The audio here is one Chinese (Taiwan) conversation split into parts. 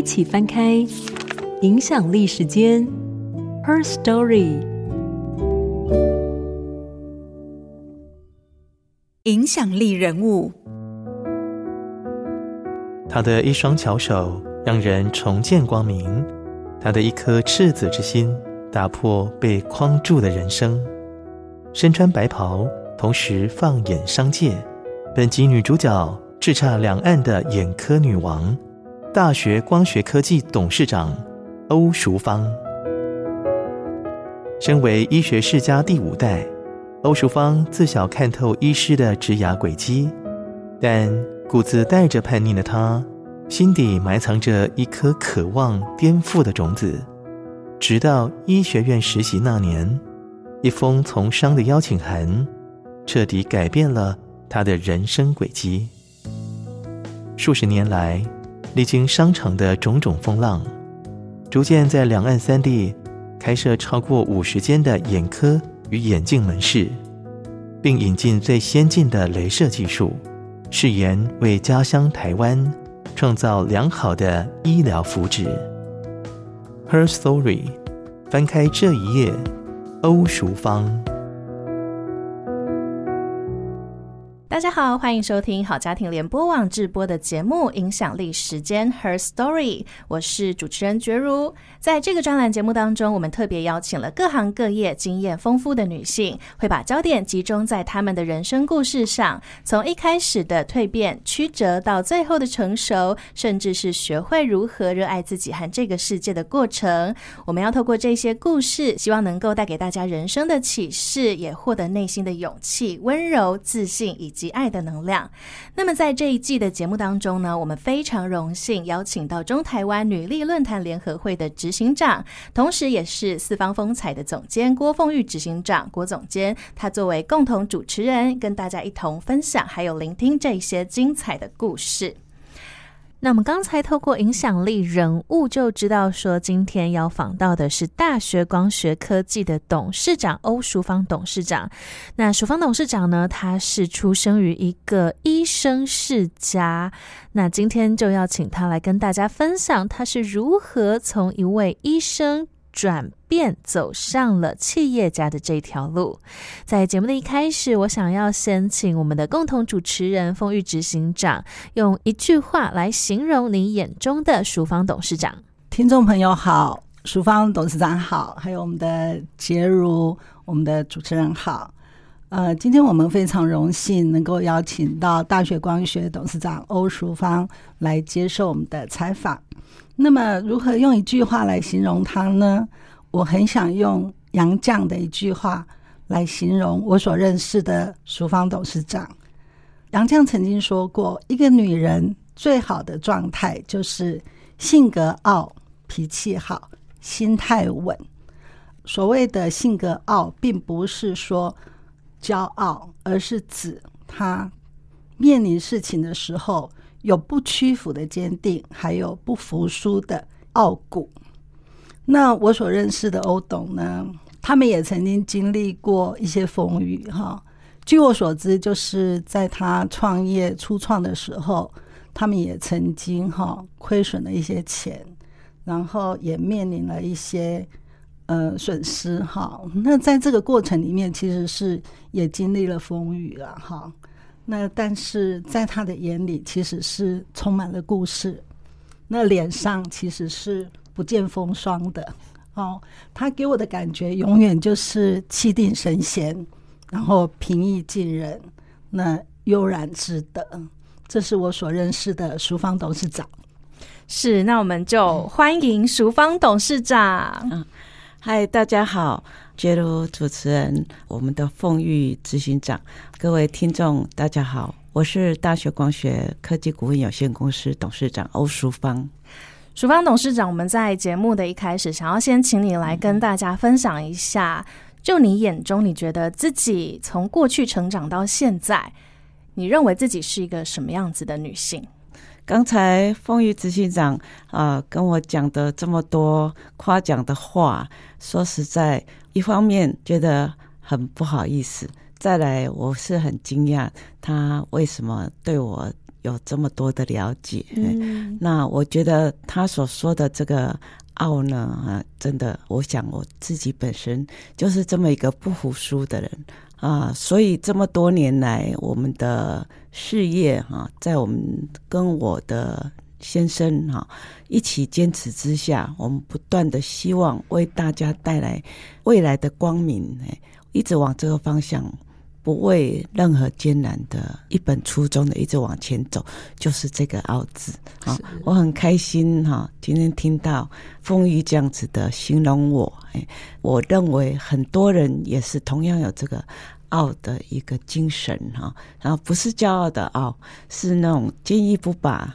一起翻開《影響力時間》，Her Story，影響力人物。他的一雙巧手讓人重見光明，他的一顆赤子之心打破被框住的人生。身穿白袍，同時放眼商界，本集女主角，叱吒兩岸的眼科女王。大學光學科技董事長歐淑芳，身為醫學世家第五代，歐淑芳自小看透醫師的職涯軌跡，但骨子帶着叛逆的她，心底埋藏着一顆渴望顛覆的種子。直到醫學院實習那年，一封從商的邀請函，徹底改變了她的人生軌跡。數十年來，歷經商場的種種風浪，逐漸在兩岸三地開設超過五十間的眼科與眼鏡門市，並引進最先進的雷射技術，誓言為家鄉台灣創造良好的醫療福祉。Her story，翻開這一頁，歐淑芳。大家好，歡迎收聽好家庭聯播網直播的節目《影響力時間 Her Story》，我是主持人珏如。在這個專欄節目當中，我們特別邀請了各行各業經驗豐富的女性，會把焦點集中在她們的人生故事上，從一開始的蛻變曲折，到最後的成熟，甚至是學會如何熱愛自己和這個世界的過程。我們要透過這些故事，希望能夠帶給大家人生的啟示，也獲得內心的勇氣、溫柔、自信以及愛的能量。那麼，在這一季的節目當中呢，我們非常榮幸邀請到中台灣女力論壇聯合會的執行長，同時也是四方風采的總監郭鳳玉執行長、郭總監，她作為共同主持人，跟大家一同分享，還有聆聽這些精彩的故事。那我們剛才透過影響力人物就知道，說今天要訪到的是大學光學科技的董事長歐淑芳董事長。那淑芳董事長呢，他是出生於一個醫生世家。那今天就要請他來跟大家分享，他是如何從一位醫生，轉變走上了企業家的這條路。在節目的一開始，我想要先請我們的共同主持人、鳳玉執行長，用一句話來形容你眼中的淑芳董事長。聽眾朋友好，淑芳董事長好，還有我們的珏如，我們的主持人好。呃，今天我們非常榮幸能夠邀請到大學光學董事長歐淑芳來接受我們的採訪。那麼，如何用一句話來形容她呢？我很想用楊絳的一句話來形容我所認識的淑芳董事長。楊絳曾經說過：“一個女人最好的狀態就是性格傲、脾氣好、心態穩。所謂的性格傲，並不是說驕傲，而是指她面臨事情的時候。”有不屈服的堅定，還有不服輸的傲骨。那我所認識的歐董呢？他們也曾經經歷過一些風雨哈、哦。據我所知，就是在他創業初創的時候，他們也曾經哈、哦、虧損了一些錢，然後也面臨了一些呃損失哈、哦。那在這個過程裡面，其實是也經歷了風雨了、啊、哈。哦。那但是在他的眼裡其實是充滿了故事，那臉上其實是不見風霜的哦。他給我的感覺永遠就是氣定神閒，然後平易近人，那悠然自得。這是我所認識的淑芳董事長。是，那我們就歡迎淑芳董事長。嗨，Hi, 大家好，珏如、主持人我們的鳳玉執行長，各位聽眾大家好，我是大學光學科技股份有限公司董事長歐淑芳。淑芳董事長，我們在節目的一開始，想要先請你來跟大家分享一下，就你眼中，你覺得自己從過去成長到現在，你認為自己是一個什麼樣子的女性？剛才鳳玉執行長啊、呃、跟我講的這麼多誇獎的話，說實在，一方面覺得很不好意思，再來我是很驚訝他為什麼對我有這麼多的了解。嗯，那我覺得他所說的這個。傲呢啊，真的，我想我自己本身就是這麼一個不服輸的人啊，所以這麼多年來，我們的事業哈，在我們跟我的先生哈一起堅持之下，我們不斷地希望為大家帶來未來的光明，哎，一直往這個方向。不畏任何艱難的一本初衷的一直往前走，就是這個“傲是”字。我很開心哈，今天聽到鳳玉這樣子的形容我，哎，我認為很多人也是同樣有這個“傲”的一個精神哈。然後不是驕傲的傲，是那種堅毅不拔，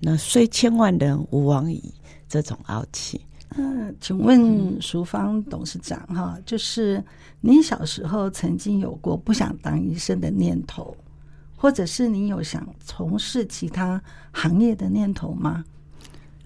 那雖千萬人吾往矣這種傲氣。嗯、呃，請問淑芳董事長哈、嗯啊，就是您小時候曾經有過不想當醫生的念頭，或者是你有想從事其他行業的念頭嗎？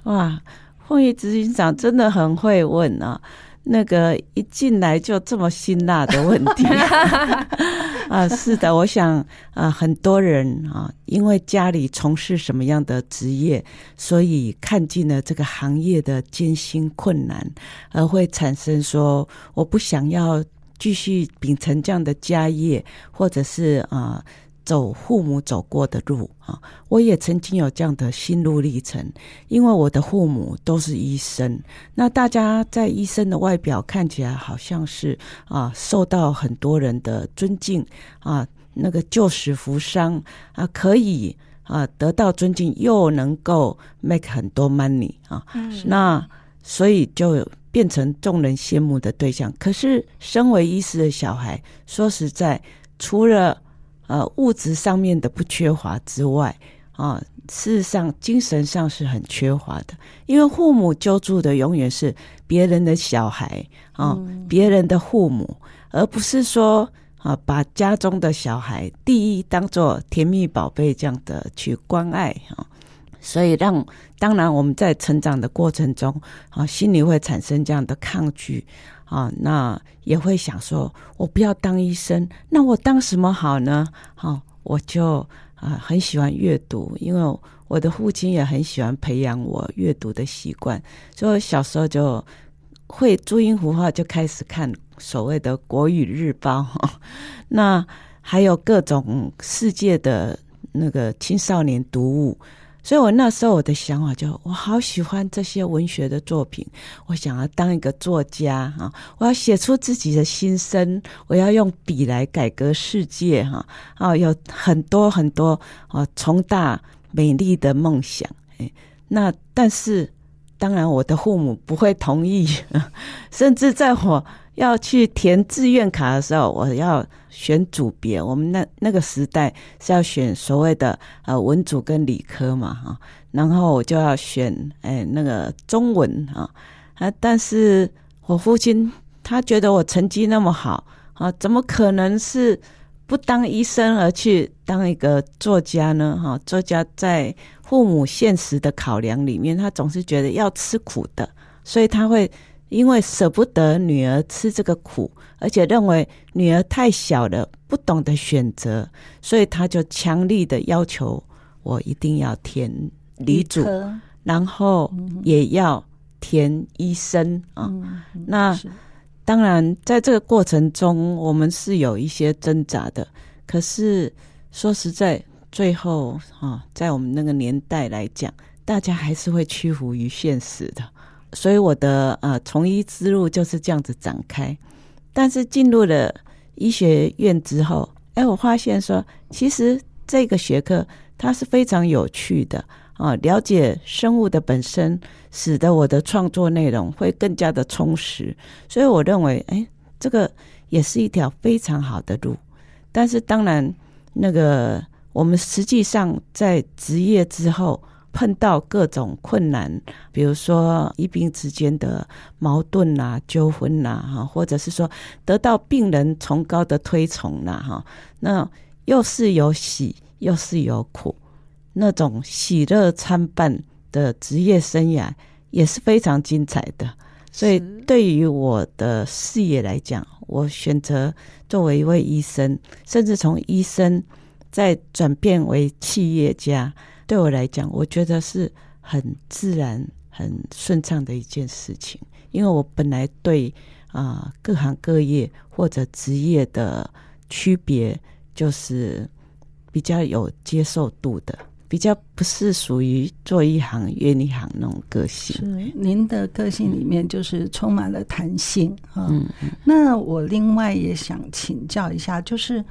哇，鳳玉執行長真的很會問啊。那個一進來就這麼辛辣的問題 啊，是的，我想啊，很多人啊，因為家裡從事什麼樣的職業，所以看盡了這個行業的艱辛困難，而會產生說我不想要繼續秉承這樣的家業，或者是啊。走父母走過的路啊，我也曾經有這樣的心路歷程。因為我的父母都是醫生，那大家在醫生的外表看起來好像是啊，受到很多人的尊敬啊，那個救死扶傷啊，可以啊得到尊敬，又能夠 make 很多 money 啊，嗯、那所以就變成眾人羨慕的對象。可是身為醫師的小孩，說實在，除了呃，物質上面的不缺乏之外，啊，事實上精神上是很缺乏的，因為父母救助的永遠是別人的小孩啊，嗯、別人的父母，而不是說啊，把家中的小孩第一當做甜蜜寶貝這樣的去關愛啊。所以讓，讓當然我們在成長的過程中，啊，心裡會產生這樣的抗拒啊，那也會想說，我不要當醫生，那我當什麼好呢？好、啊，我就啊，很喜歡閱讀，因為我的父親也很喜歡培養我閱讀的習慣，所以我小時候就會注音符號就開始看所謂的國語日報呵呵，那還有各種世界的那個青少年讀物。所以，我那時候我的想法就，我好喜歡這些文學的作品，我想要當一個作家，我要寫出自己的心聲，我要用筆來改革世界哈啊，有很多很多啊，宏大美麗的夢想，那但是，當然我的父母不會同意，甚至在我要去填志願卡的時候，我要。選組別，我們那那個時代是要選所謂的呃文組跟理科嘛哈，然後我就要選哎那個中文啊，但是我父親他覺得我成績那麼好啊，怎麼可能是不當醫生而去當一個作家呢哈、啊？作家在父母現實的考量裡面，他總是覺得要吃苦的，所以他會。因為捨不得女兒吃這個苦，而且認為女兒太小了，不懂得選擇，所以他就強力的要求我一定要填理組，理科然後也要填醫生、嗯、哼啊。嗯、哼那是當然，在這個過程中，我們是有一些掙扎的。可是說實在，最後啊，在我們那個年代來講，大家還是會屈服於現實的。所以我的呃從醫之路就是這樣子展開，但是進入了醫學院之後哎，我發現說其實這個學科它是非常有趣的啊，了解生物的本身，使得我的創作內容會更加的充實，所以我認為哎，這個也是一條非常好的路，但是當然那個我們實際上在職業之後。碰到各種困難，比如說醫病之間的矛盾吶、啊、糾紛吶，哈，或者是說得到病人崇高的推崇啦。哈，那又是有喜又是有苦，那種喜樂參半的職業生涯也是非常精彩的。是所以，對於我的事業來講，我選擇作為一位醫生，甚至從醫生再轉變為企業家。對我來講，我覺得是很自然、很順暢的一件事情，因為我本來對啊、呃、各行各業或者職業的區別，就是比較有接受度的，比較不是屬於做一行怨一行那種個性。是，您的個性裡面就是充滿了彈性。嗯、哦、嗯，那我另外也想請教一下，就是。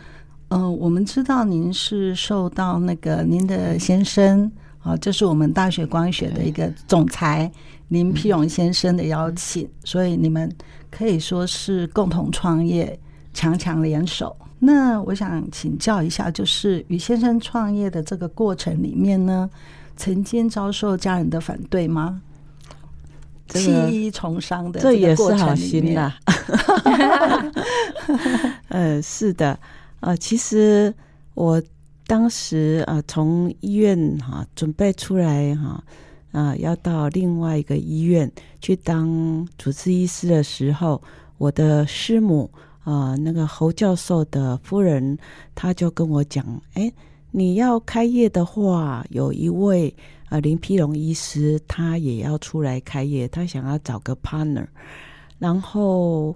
嗯、呃，我們知道您是受到那個您的先生啊，就是我們大學光學的一個總裁對林丕榮先生的邀請，嗯、所以你們可以說是共同創業，強強聯手。那我想請教一下，就是於先生創業的這個過程裡面呢，曾經遭受家人的反對嗎？棄醫從商的這，這也是好心吶、啊。呃、 嗯，是的。啊、呃，其實我當時啊、呃，從醫院哈、啊、準備出來哈、啊，啊，要到另外一個醫院去當主治醫師的時候，我的師母啊，那個侯教授的夫人，他就跟我講，哎，你要開業的話，有一位啊、呃、林丕容醫師，他也要出來開業，他想要找個 partner，然後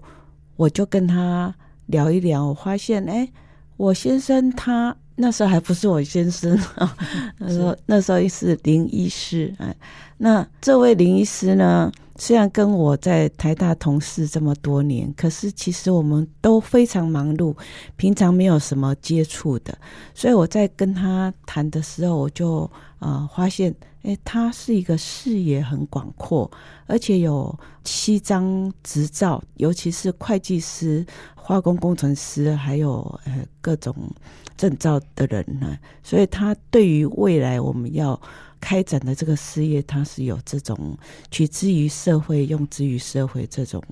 我就跟他聊一聊，我發現哎，誒我先生他那時候還不是我先生，時 候那時候，是，那時候是林醫師、哎、那這位林醫師呢，雖然跟我在台大同事這麼多年，可是其實我們都非常忙碌，平常沒有什麼接觸的，所以我在跟他談的時候，我就啊、呃、發現，哎、欸，他是一個視野很廣闊，而且有七張執照，尤其是會計師。化工工程師，還有呃各種證照的人呢，啊，所以他對於未來我們要開展的這個事業，他是有這種取之於社會、用之於社會這種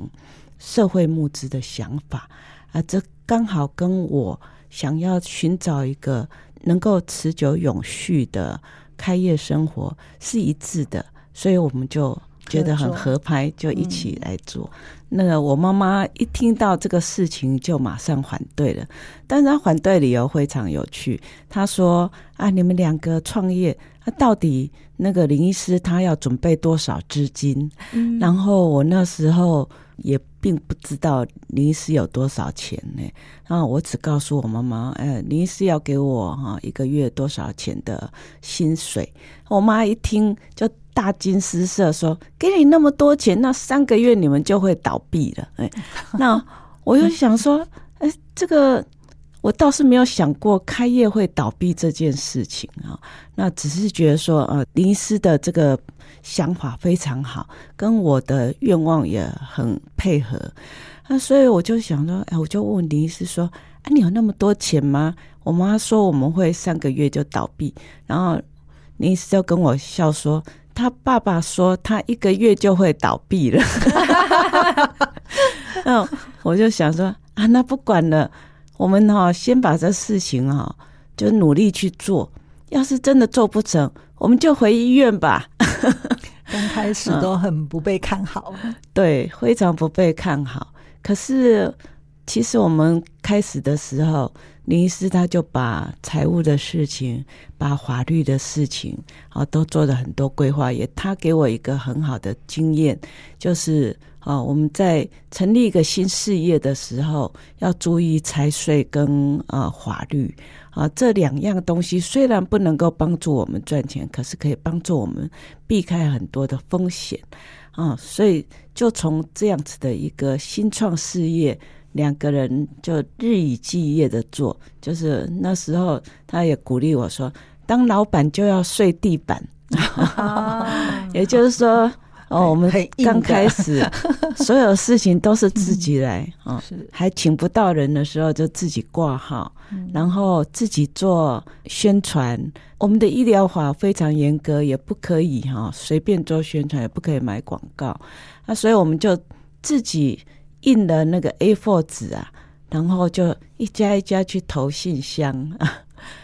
社會募資的想法啊，這剛好跟我想要尋找一個能夠持久永續的開業生活是一致的，所以我們就。覺得很合拍，就一起來做。嗯、那個我媽媽一聽到這個事情，就馬上反對了，但是她反對理由非常有趣。她說：“啊，你們兩個創業，那、啊、到底那個林醫師他要準備多少資金？”嗯、然後我那時候也並不知道林醫師有多少錢呢。然後我只告訴我媽媽：“哎、林醫師要給我哈一個月多少錢的薪水？”我媽一聽就。大驚失色，說：“給你那麼多錢，那三個月你們就會倒閉了。”欸哎，那我就想說，哎、 欸，這個我倒是沒有想過開業會倒閉這件事情啊、哦。那只是覺得說，呃，林醫師的這個想法非常好，跟我的願望也很配合。那、啊、所以我就想說，哎、欸，我就問問林醫師說：“啊，你有那麼多錢嗎？”我媽說：“我們會三個月就倒閉。”然後林醫師就跟我笑說。他爸爸說他一個月就會倒閉了， 嗯，我就想說啊，那不管了，我們哈、哦、先把這事情哈、哦、就努力去做，要是真的做不成，我們就回醫院吧。 剛開始都很不被看好。嗯，對，非常不被看好。可是其實我們開始的時候。林醫師，他就把財務的事情、把法律的事情，啊，都做了很多規劃。也，他給我一個很好的經驗，就是啊，我們在成立一個新事業的時候，要注意財稅跟啊法律啊這兩樣東西。雖然不能夠幫助我們賺錢，可是可以幫助我們避開很多的風險啊。所以，就從這樣子的一個新創事業。兩個人就日以繼夜的做，就是那時候他也鼓勵我說：“當老板就要睡地板。 ”也就是說，哦，我們剛開始所有事情都是自己來啊， 嗯、是還請不到人的時候就自己掛號，嗯、然後自己做宣傳。我們的醫療法非常嚴格，也不可以哈隨便做宣傳，也不可以買廣告。那所以我們就自己。印了那個 A4 紙啊，然後就一家一家去投信箱啊，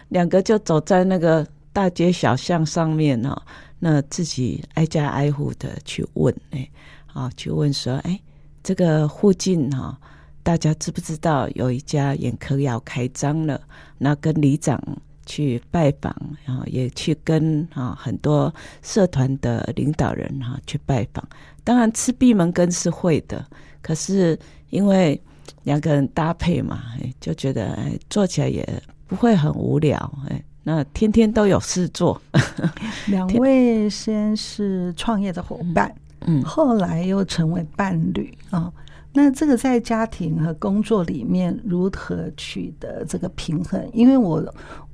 兩個就走在那個大街小巷上面呢，啊，那自己挨家挨戶的去問哎，啊，去問說哎，這個附近哈，啊，大家知不知道有一家眼科要開張了？那跟里長去拜訪，啊，也去跟啊很多社團的領導人哈，啊、去拜訪，當然吃閉門羹是會的。可是因為兩個人搭配嘛，就覺得做起來也不會很無聊，那天天都有事做。 兩位先是創業的夥伴，嗯嗯，後來又成為伴侶。那這個在家庭和工作裡面如何取得這個平衡？因為我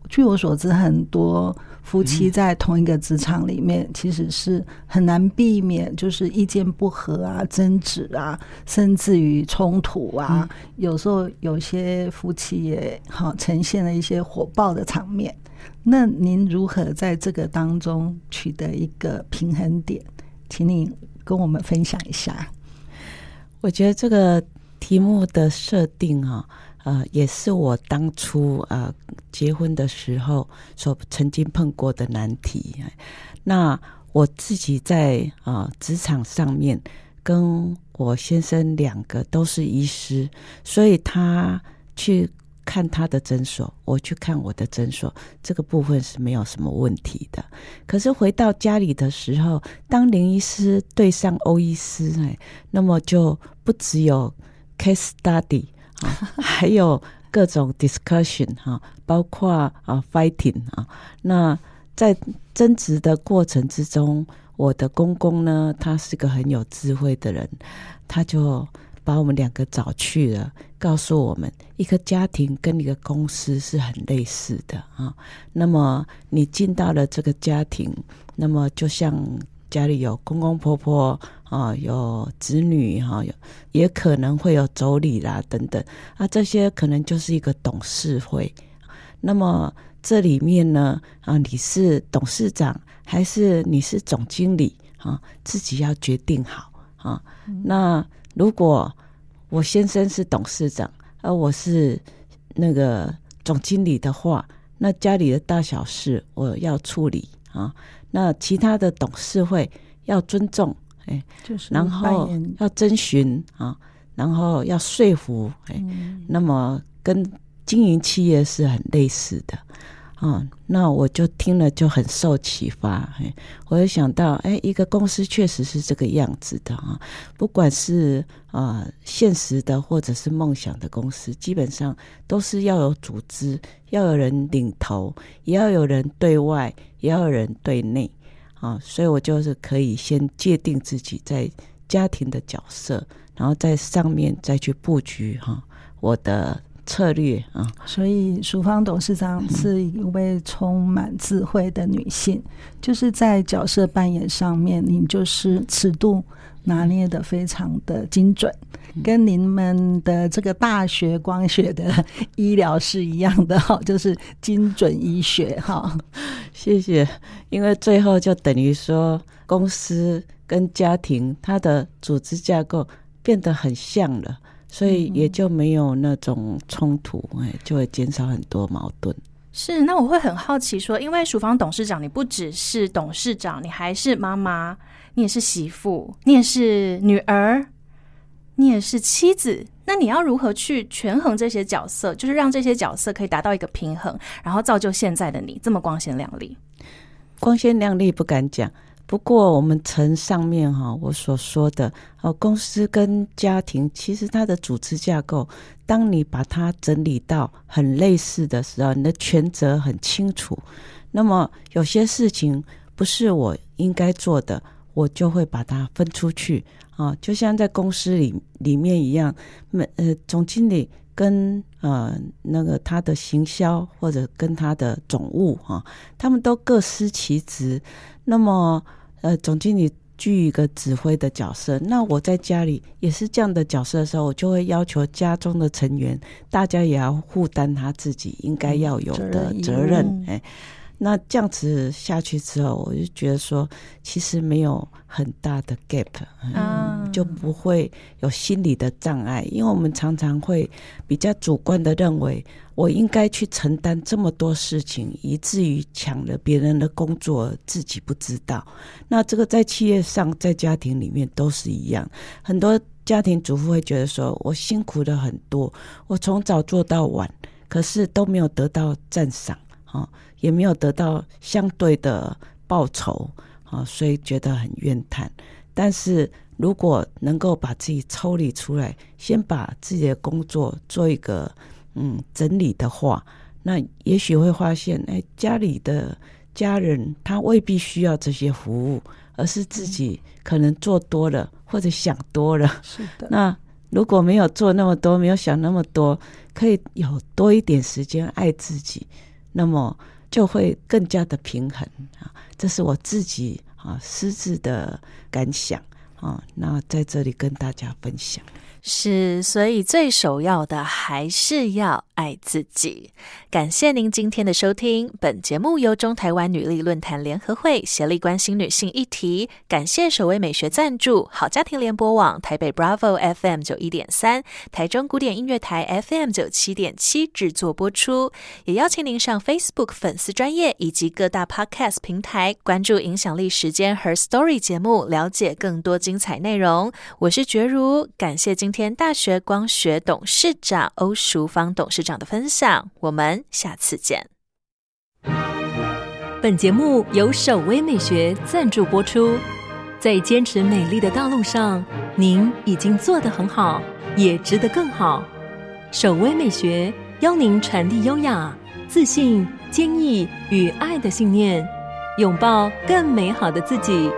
據我所知，很多夫妻在同一個職場裡面，其實是很難避免就是意見不合啊、爭執啊，甚至於衝突啊。嗯、有時候有些夫妻也好呈現了一些火爆的場面。那您如何在這個當中取得一個平衡點？請您跟我們分享一下。我覺得這個題目的設定啊，呃，也是我當初啊、呃、結婚的時候所曾經碰過的難題。那我自己在啊、呃、職場上面，跟我先生兩個都是醫師，所以他去。看他的診所，我去看我的診所，這個部分是沒有什麼問題的。可是回到家裡的時候，當林醫師對上歐醫師，哎，那麼就不只有 case study 還有各種 discussion，包括啊 fighting 啊。那在爭執的過程之中，我的公公呢，他是個很有智慧的人，他就。把我們兩個找去了，告訴我們，一個家庭跟一個公司是很類似的啊。那麼你進到了這個家庭，那麼就像家裡有公公婆婆啊，有子女哈、啊，有也可能會有妯娌啦等等啊，這些可能就是一個董事會。那麼這裡面呢，啊，你是董事長還是你是總經理啊？自己要決定好啊。嗯、那如果我先生是董事長，而我是那個總經理的話，那家裡的大小事我要處理啊。那其他的董事會要尊重，哎，就是，然後要徵詢啊，然後要說服，哎，那麼跟經營企業是很類似的。啊、嗯，那我就聽了就很受啟發。欸、我就想到，哎、欸，一個公司確實是這個樣子的啊。不管是啊、呃、現實的，或者是夢想的公司，基本上都是要有組織，要有人領頭，也要有人對外，也要有人對內。啊、嗯，所以我就是可以先界定自己在家庭的角色，然後在上面再去布局哈、嗯、我的。策略啊，哦、所以淑芳董事長是一位充滿智慧的女性，嗯、就是在角色扮演上面，您就是尺度拿捏得非常的精準，嗯、跟你們的這個大學光學的醫療是一樣的哈，就是精準醫學哈。嗯哦、謝謝，因為最後就等於說公司跟家庭它的組織架構變得很像了。所以也就沒有那種衝突，哎，就會減少很多矛盾。是，那我會很好奇說，因為淑芳董事長，你不只是董事長，你還是媽媽，你也是媳婦，你也是女兒，你也是妻子。那你要如何去權衡這些角色，就是讓這些角色可以達到一個平衡，然後造就現在的你這麼光鮮亮麗？光鮮亮麗不敢講。不過，我們承上面哈，我所說的哦，公司跟家庭其實它的組織架構，當你把它整理到很類似的時候，你的權責很清楚。那麼有些事情不是我應該做的，我就會把它分出去啊，就像在公司裡裡面一樣，每呃總經理跟呃那個他的行銷或者跟他的總務他們都各司其職。那麼呃，總經理具一個指揮的角色，那我在家裡也是這樣的角色的時候，我就會要求家中的成員，大家也要負擔他自己應該要有的責任，嗯，責任，欸。那這樣子下去之後，我就覺得說，其實沒有很大的 gap，嗯，就不會有心理的障礙，因為我們常常會比較主觀的認為，我應該去承擔這麼多事情，以至於搶了別人的工作，自己不知道。那這個在企業上，在家庭裡面都是一樣，很多家庭主婦會覺得說，我辛苦了很多，我從早做到晚，可是都沒有得到讚賞。啊，也沒有得到相對的報酬啊，所以覺得很怨嘆。但是如果能夠把自己抽離出來，先把自己的工作做一個嗯整理的話，那也許會發現，哎、欸，家裡的家人他未必需要這些服務，而是自己可能做多了、嗯、或者想多了。是的。那如果沒有做那麼多，沒有想那麼多，可以有多一點時間愛自己。那麼就會更加的平衡啊，這是我自己啊私自的感想啊，那在這裡跟大家分享。是，所以最首要的還是要愛自己。感謝您今天的收聽，本節目由中台灣女力論壇聯合會協力關心女性議題，感謝守葳美學贊助好家庭聯播網台北 Bravo FM 九一點三、台中古典音樂台 FM 九七點七製作播出，也邀請您上 Facebook 粉絲專頁以及各大 Podcast 平台關注影響力時間 HerStory 節目，了解更多精彩內容。我是珏如，感謝今。田大學光學董事長歐淑芳董事長的分享，我們下次見。本節目由守葳美學贊助播出。在堅持美麗的道路上，您已經做得很好，也值得更好。守葳美學邀您傳遞優雅、自信、堅毅與愛的信念，擁抱更美好的自己。